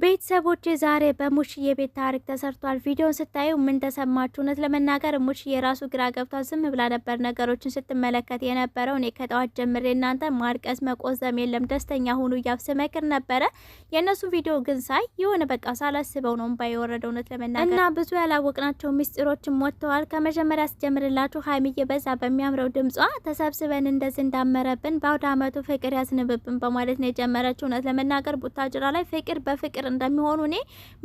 ቤተሰቦች ዛሬ በሙሽዬ ቤት ታሪክ ተሰርቷል። ቪዲዮን ስታዩ ምን ተሰማችሁ? እውነት ለመናገር ሙሽዬ የራሱ ግራ ገብቷ ዝም ብላ ነበር ነገሮችን ስትመለከት የነበረው። እኔ ከጠዋት ጀምሬ እናንተ ማርቀስ መቆዘም የለም ደስተኛ ሁኑ እያብ ስመክር ነበረ። የእነሱ ቪዲዮ ግን ሳይ የሆነ በቃ ሳላስበው ነው እምባ የወረደው እውነት ለመናገር እና ብዙ ያላወቅናቸው ሚስጢሮችም ወጥተዋል። ከመጀመሪያ ስጀምርላችሁ ሀይሚዬ በዛ በሚያምረው ድምጿ ተሰብስበን እንደዚህ እንዳመረብን በአውደ አመቱ ፍቅር ያዝንብብን በማለት ነው የጀመረችው። እውነት ለመናገር ቡታጅራ ላይ ፍቅር በፍቅር ሚስጥር እንደሚሆኑ እኔ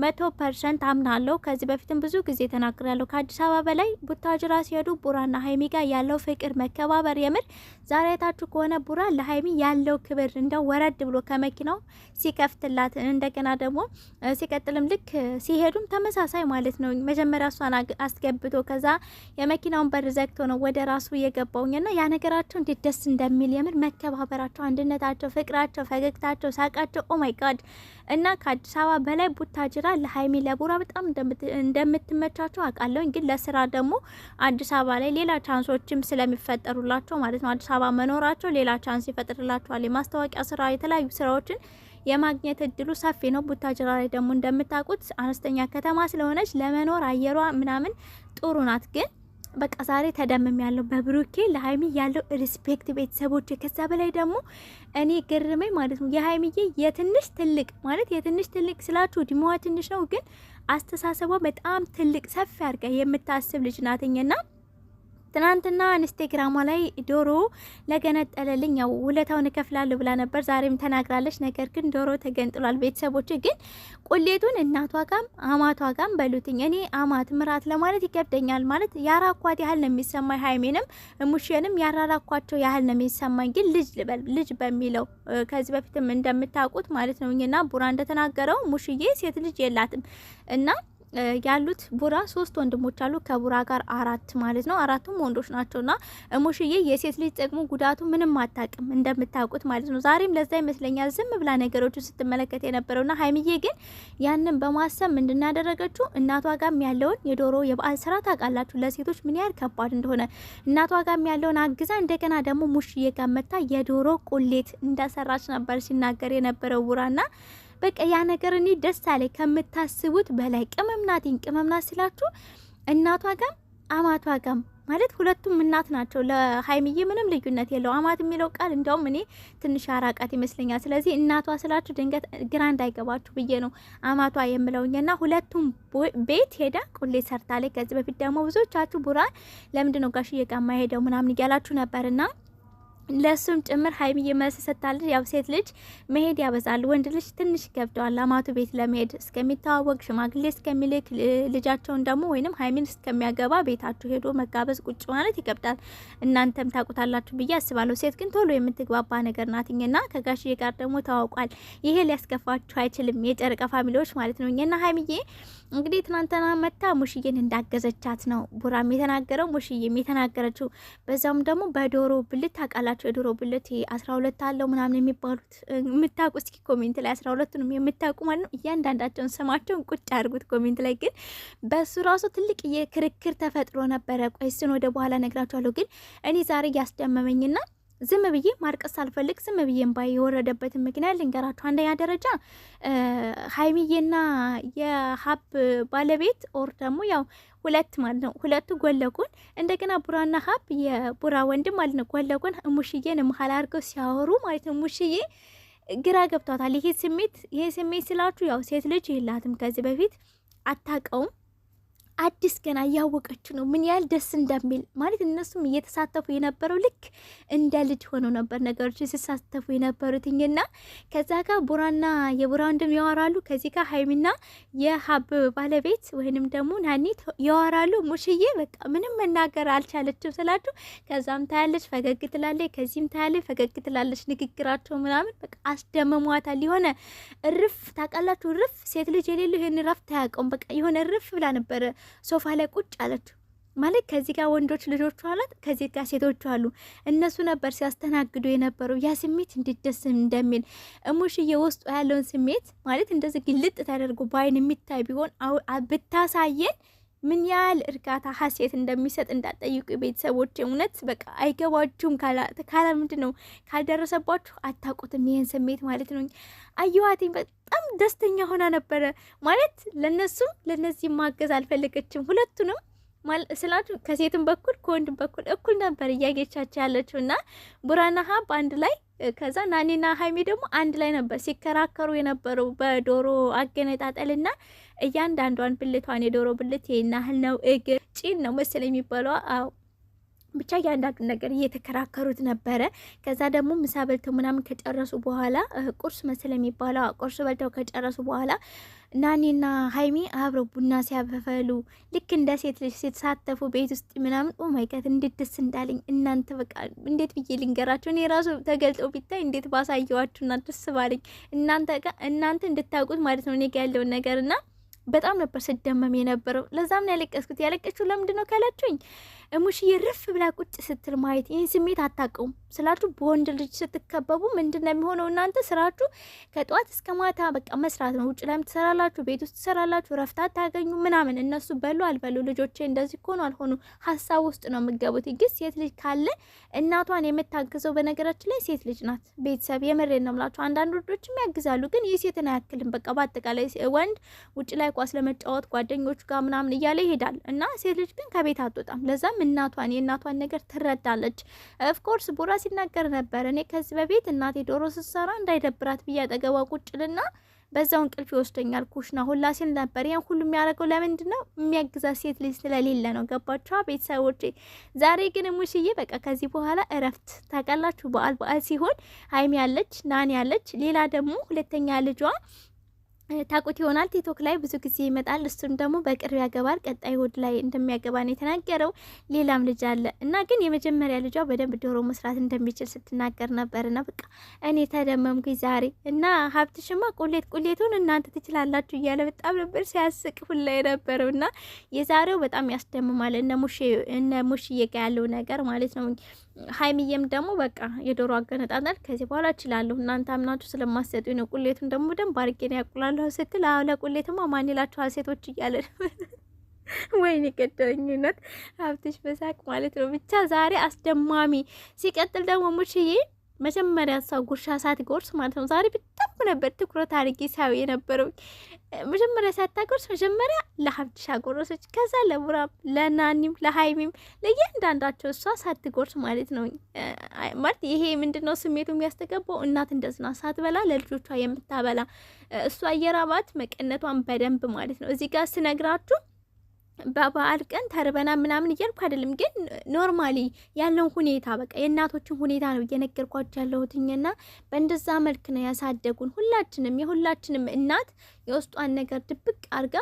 መቶ ፐርሰንት አምናለሁ። ከዚህ በፊትም ብዙ ጊዜ ተናግሬያለሁ። ከአዲስ አበባ በላይ ቡታጅራ ሲሄዱ ቡራና ሀይሚ ጋር ያለው ፍቅር መከባበር፣ የምር ዛሬ አይታችሁ ከሆነ ቡራ ለሀይሚ ያለው ክብር እንደው ወረድ ብሎ ከመኪናው ሲከፍትላት፣ እንደገና ደግሞ ሲቀጥልም ልክ ሲሄዱም ተመሳሳይ ማለት ነው። መጀመሪያ እሷን አስገብቶ ከዛ የመኪናውን በር ዘግቶ ነው ወደ ራሱ ና ያ ነገራቸው እንዴት ደስ እንደሚል የምር መከባበራቸው፣ አንድነታቸው፣ ፍቅራቸው፣ ፈገግታቸው፣ ሳቃቸው ኦ ማይ ጋድ እና ከአዲስ አበባ በላይ ቡታጅራ ለሀይሚ ለቡራ በጣም እንደምትመቻቸው አውቃለሁ። ግን ለስራ ደግሞ አዲስ አበባ ላይ ሌላ ቻንሶችም ስለሚፈጠሩላቸው ማለት ነው አዲስ አበባ መኖራቸው ሌላ ቻንስ ይፈጥርላቸዋል። የማስታወቂያ ስራ፣ የተለያዩ ስራዎችን የማግኘት እድሉ ሰፊ ነው። ቡታጅራ ላይ ደግሞ እንደምታውቁት አነስተኛ ከተማ ስለሆነች ለመኖር አየሯ ምናምን ጥሩ ናት ግን በቃ ዛሬ ተደምም ያለው በብሩኬ ለሀይሚ ያለው ሪስፔክት ቤተሰቦች፣ ከዛ በላይ ደግሞ እኔ ገርመኝ ማለት ነው የሀይሚዬ የትንሽ ትልቅ ማለት የትንሽ ትልቅ ስላችሁ ድሞዋ ትንሽ ነው፣ ግን አስተሳሰቧ በጣም ትልቅ ሰፊ አድርጋ የምታስብ ልጅ ናትኝና ትናንትና ኢንስቴግራሟ ላይ ዶሮ ለገነጠለልኝ ያው ውለታውን እከፍላለሁ ብላ ነበር። ዛሬም ተናግራለች። ነገር ግን ዶሮ ተገንጥሏል። ቤተሰቦች ግን ቁሌቱን እናቷ ጋም አማቷ ጋም በሉትኝ። እኔ አማት ምራት ለማለት ይከብደኛል። ማለት ያራኳት ያህል ነው የሚሰማኝ። ሀይሜንም ሙሽንም ያራራኳቸው ያህል ነው የሚሰማኝ። ግን ልጅ ልበል ልጅ በሚለው ከዚህ በፊትም እንደምታውቁት ማለት ነው እና ቡራ እንደተናገረው ሙሽዬ ሴት ልጅ የላትም እና ያሉት ቡራ ሶስት ወንድሞች አሉ፣ ከቡራ ጋር አራት ማለት ነው። አራቱም ወንዶች ናቸው ና እሙሽዬ የሴት ልጅ ጥቅሙ ጉዳቱ ምንም አታውቅም እንደምታውቁት ማለት ነው። ዛሬም ለዛ ይመስለኛል ዝም ብላ ነገሮችን ስትመለከት የነበረው ና ሀይምዬ ግን ያንን በማሰብ ምንድን ያደረገችው እናቷ ጋም ያለውን የዶሮ የበዓል ስራ ታውቃላችሁ፣ ለሴቶች ምን ያህል ከባድ እንደሆነ እናቷ ጋም ያለውን አግዛ እንደገና ደግሞ ሙሽዬ ጋር መታ የዶሮ ቁሌት እንደሰራች ነበር ሲናገር የነበረው ና በቃ ያ ነገር እኔ ደስ አለ ከምታስቡት በላይ። ቅመም ቅመምናት ስላችሁ እናቷ ጋም አማቷ ጋም ማለት ሁለቱም እናት ናቸው። ለሀይምዬ ምንም ልዩነት የለው። አማት የሚለው ቃል እንዲያውም እኔ ትንሽ አራቃት ይመስለኛል። ስለዚህ እናቷ ስላችሁ ድንገት ግራ እንዳይገባችሁ ብዬ ነው አማቷ የምለውኝና ሁለቱም ቤት ሄዳ ቁሌ ሰርታለች። ከዚህ በፊት ደግሞ ብዙዎቻችሁ ቡራ ለምንድን ነው ጋሽዬ ጋ የማይሄደው ምናምን እያላችሁ ነበርና ለሱም ጭምር ሀይሚዬ መልስ ሰጥታለች። ያው ሴት ልጅ መሄድ ያበዛል፣ ወንድ ልጅ ትንሽ ይከብደዋል። አማቱ ቤት ለመሄድ እስከሚተዋወቅ ሽማግሌ እስከሚልክ ልጃቸውን ደግሞ ወይንም ሀይሚን እስከሚያገባ ቤታችሁ ሄዶ መጋበዝ ቁጭ ማለት ይከብዳል። እናንተም ታውቁታላችሁ ብዬ አስባለሁ። ሴት ግን ቶሎ የምትግባባ ነገር ናትኝና ከጋሽዬ ጋር ደግሞ ታውቋል ይሄ ሊያስከፋችሁ አይችልም፣ የጨረቀ ፋሚሊዎች ማለት ነው። እኛና ሀይሚዬ እንግዲህ ትናንትና መታ ሙሽዬን እንዳገዘቻት ነው ቡራም የተናገረው ሙሽዬም የተናገረችው። በዛውም ደግሞ በዶሮ ብልት ታቃላ ያላቸው የዶሮ ብልት አስራ ሁለት አለው ምናምን የሚባሉት የምታውቁ እስኪ ኮሜንት ላይ አስራ ሁለቱንም የምታውቁ ማለት ነው እያንዳንዳቸውን ስማቸውን ቁጭ አድርጉት ኮሜንት ላይ። ግን በሱ ራሱ ትልቅ የክርክር ተፈጥሮ ነበረ። ቆይስን ወደ በኋላ ነግራችኋለሁ። ግን እኔ ዛሬ እያስደመመኝና ዝም ብዬ ማርቀስ ሳልፈልግ ዝም ብዬ እምባ የወረደበትን ምክንያት ልንገራችሁ። አንደኛ ደረጃ ሀይሚዬና የሀብ ባለቤት ኦር ደግሞ ያው ሁለት ማለት ነው። ሁለቱ ጎን ለጎን እንደገና ቡራና ሀብ የቡራ ወንድም ማለት ነው። ጎን ለጎን እሙሽዬን መሀል አድርገው ሲያወሩ ማለት ነው ሙሽዬ ግራ ገብቷታል። ይሄ ስሜት ይሄ ስሜት ስላችሁ ያው ሴት ልጅ የላትም ከዚህ በፊት አታውቀውም አዲስ ገና እያወቀች ነው ምን ያህል ደስ እንደሚል ማለት እነሱም እየተሳተፉ የነበረው ልክ እንደ ልጅ ሆኖ ነበር ነገሮች ሲሳተፉ የነበሩትኝና ከዛ ጋር ቡራና የቡራ ወንድም ያወራሉ። ከዚህ ጋር ሀይሚና የሀብ ባለቤት ወይንም ደግሞ ናኒ ያወራሉ። ሙሽዬ በቃ ምንም መናገር አልቻለችም ስላችሁ ከዛም ታያለች ፈገግ ትላለች፣ ከዚህም ታያለች ፈገግ ትላለች። ንግግራቸው ምናምን በቃ አስደምሟታል። የሆነ እርፍ ታውቃላችሁ፣ እርፍ ሴት ልጅ የሌለው ይህን ረፍት አያውቀውም። በቃ የሆነ እርፍ ብላ ነበረ ሶፋ ላይ ቁጭ አለች። ማለት ከዚህ ጋር ወንዶች ልጆቹ አላት፣ ከዚህ ጋር ሴቶቹ አሉ። እነሱ ነበር ሲያስተናግዱ የነበረው። ያ ስሜት እንዲደስ እንደሚል እሙሽዬ ውስጡ ያለውን ስሜት ማለት እንደዚህ ግልጥ ተደርጎ በአይን የሚታይ ቢሆን ብታሳየን ምን ያህል እርጋታ ሀሴት እንደሚሰጥ እንዳጠይቁ ቤተሰቦች። እውነት በቃ አይገባችሁም። ካላ ምንድን ነው ካልደረሰባችሁ አታውቁትም፣ ይህን ስሜት ማለት ነው። አየዋትኝ በጣም ደስተኛ ሆና ነበረ ማለት ለነሱም ለነዚህ ማገዝ አልፈለገችም ሁለቱንም ስላችሁ ከሴትም በኩል ከወንድም በኩል እኩል ነበር እያጌቻቸው ያለችው እና ቡራና ሀብ አንድ ላይ ከዛ ናኔና ሀይሚ ደግሞ አንድ ላይ ነበር ሲከራከሩ የነበረው በዶሮ ና እያንዳንዷን ብልቷን የዶሮ ብልት ይናህል ነው እግር ጭን ነው መሰለኝ የሚባለው። አዎ ብቻ እያንዳንዱ ነገር እየተከራከሩት ነበረ። ከዛ ደግሞ ምሳ በልተው ምናምን ከጨረሱ በኋላ ቁርስ መስል የሚባለው ቁርስ በልተው ከጨረሱ በኋላ ናኒና ሀይሚ አብረው ቡና ሲያፈሉ ልክ እንደ ሴት ልጅ ሲሳተፉ ቤት ውስጥ ምናምን ኦማይጋት እንዴት ደስ እንዳለኝ እናንተ በቃ እንዴት ብዬ ልንገራቸው። እኔ ራሱ ተገልጦ ቢታይ እንዴት ባሳየዋችሁና ደስ ባለኝ እናንተ እናንተ እንድታውቁት ማለት ነው እኔ ጋ ያለውን ነገር እና በጣም ነበር ስደመም የነበረው። ለዛም ነው ያለቀስኩት። ያለቀችው ለምንድን ነው ካላችሁኝ እሙሽዬ ርፍ ብላ ቁጭ ስትል ማየት ይህን ስሜት አታውቀውም ስላችሁ። በወንድ ልጅ ስትከበቡ ምንድን ነው የሚሆነው? እናንተ ስራችሁ ከጠዋት እስከ ማታ በቃ መስራት ነው። ውጭ ላይም ትሰራላችሁ፣ ቤት ውስጥ ትሰራላችሁ፣ ረፍት አታገኙ ምናምን። እነሱ በሉ አልበሉ ልጆቼ እንደዚህ ከሆኑ አልሆኑ ሀሳብ ውስጥ ነው የምገቡት። ግን ሴት ልጅ ካለ እናቷን የምታግዘው በነገራችን ላይ ሴት ልጅ ናት። ቤተሰብ የምሬን ነው የምላችሁ። አንዳንድ ወንዶችም ያግዛሉ፣ ግን የሴትን አያክልም። በቃ በአጠቃላይ ወንድ ውጭ ላይ ኳስ ለመጫወት ጓደኞቹ ጋር ምናምን እያለ ይሄዳል እና ሴት ልጅ ግን ከቤት አትወጣም። ለዛም እናቷን የእናቷን ነገር ትረዳለች። ኦፍኮርስ ቡራ ሲናገር ነበር እኔ ከዚህ በፊት እናቴ ዶሮ ስትሰራ እንዳይደብራት ብዬ አጠገቧ ቁጭልና በዛው እንቅልፍ ይወስደኛል ኩሽና ሁላ ሲል ነበር። ይህን ሁሉ የሚያደርገው ለምንድን ነው? የሚያግዛት ሴት ልጅ ስለሌለ ነው። ገባችኋ ቤተሰቦች? ዛሬ ግን ሙሽዬ በቃ ከዚህ በኋላ እረፍት ታውቃላችሁ። በዓል በዓል ሲሆን ሀይሚ ያለች ናን ያለች ሌላ ደግሞ ሁለተኛ ልጇ ታቁት ይሆናል። ቲክቶክ ላይ ብዙ ጊዜ ይመጣል። እሱም ደግሞ በቅርብ ያገባል። ቀጣይ ሆድ ላይ እንደሚያገባ ነው የተናገረው። ሌላም ልጅ አለ እና ግን የመጀመሪያ ልጇ በደንብ ዶሮ መስራት እንደሚችል ስትናገር ነበር። ና በቃ እኔ ተደመምኩኝ ዛሬ እና ሀብትሽማ ቁሌት ቁሌቱን እናንተ ትችላላችሁ እያለ በጣም ነበር ሲያስቅ ሁላ የነበረው እና የዛሬው በጣም ያስደምማል። እነ ሙሽ ጋ ያለው ነገር ማለት ነው። ሀይሚዬም ደግሞ በቃ የዶሮ አገነጣጠል ከዚህ በኋላ እችላለሁ እናንተ አምናችሁ ስለማሰጡኝ ነው። ቁሌቱን ደግሞ በደንብ አድርጌ ነው ያቁላል እላችኋለሁ ስትል ለቁሌትማ ማን ይላችኋል ሴቶች እያለ ወይኔ ቀደኝነት ሀብትሽ በሳቅ ማለት ነው። ብቻ ዛሬ አስደማሚ ሲቀጥል ደግሞ ሙሽዬ መጀመሪያ ሰው ጉርሻ ሳትጎርስ ማለት ነው። ዛሬ በጣም ነበር ትኩረት አድርጌ ሳየው የነበረው። መጀመሪያ ሳታጎርስ መጀመሪያ ለሀብትሻ ጎረሰች፣ ከዛ ለቡራ ለናኒም ለሀይሚም ለእያንዳንዳቸው እሷ ሳትጎርስ ማለት ነው። ማለት ይሄ ምንድን ነው ስሜቱ የሚያስተገባው? እናት እንደዝና ሳትበላ ለልጆቿ የምታበላ እሷ የራባት መቀነቷን በደንብ ማለት ነው እዚህ ጋር ስነግራችሁ በበዓል ቀን ተርበና ምናምን እያልኩ አይደለም፣ ግን ኖርማሊ ያለውን ሁኔታ በቃ የእናቶችን ሁኔታ ነው እየነገርኳቸው ያለሁትኝና በእንደዛ መልክ ነው ያሳደጉን። ሁላችንም የሁላችንም እናት የውስጧን ነገር ድብቅ አርጋ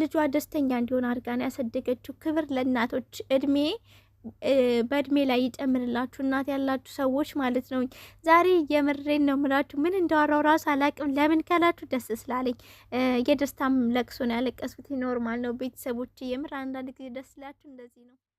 ልጇ ደስተኛ እንዲሆን አርጋ ነው ያሳደገችው። ክብር ለእናቶች እድሜ በእድሜ ላይ ይጨምርላችሁ እናት ያላችሁ ሰዎች ማለት ነው። ዛሬ የምሬን ነው ምላችሁ ምን እንዳወራው ራሱ አላቅም። ለምን ካላችሁ ደስ ስላለኝ የደስታም ለቅሶ ነው ያለቀስኩት። ኖርማል ነው ቤተሰቦች። የምር አንዳንድ ጊዜ ደስ ስላችሁ እንደዚህ ነው።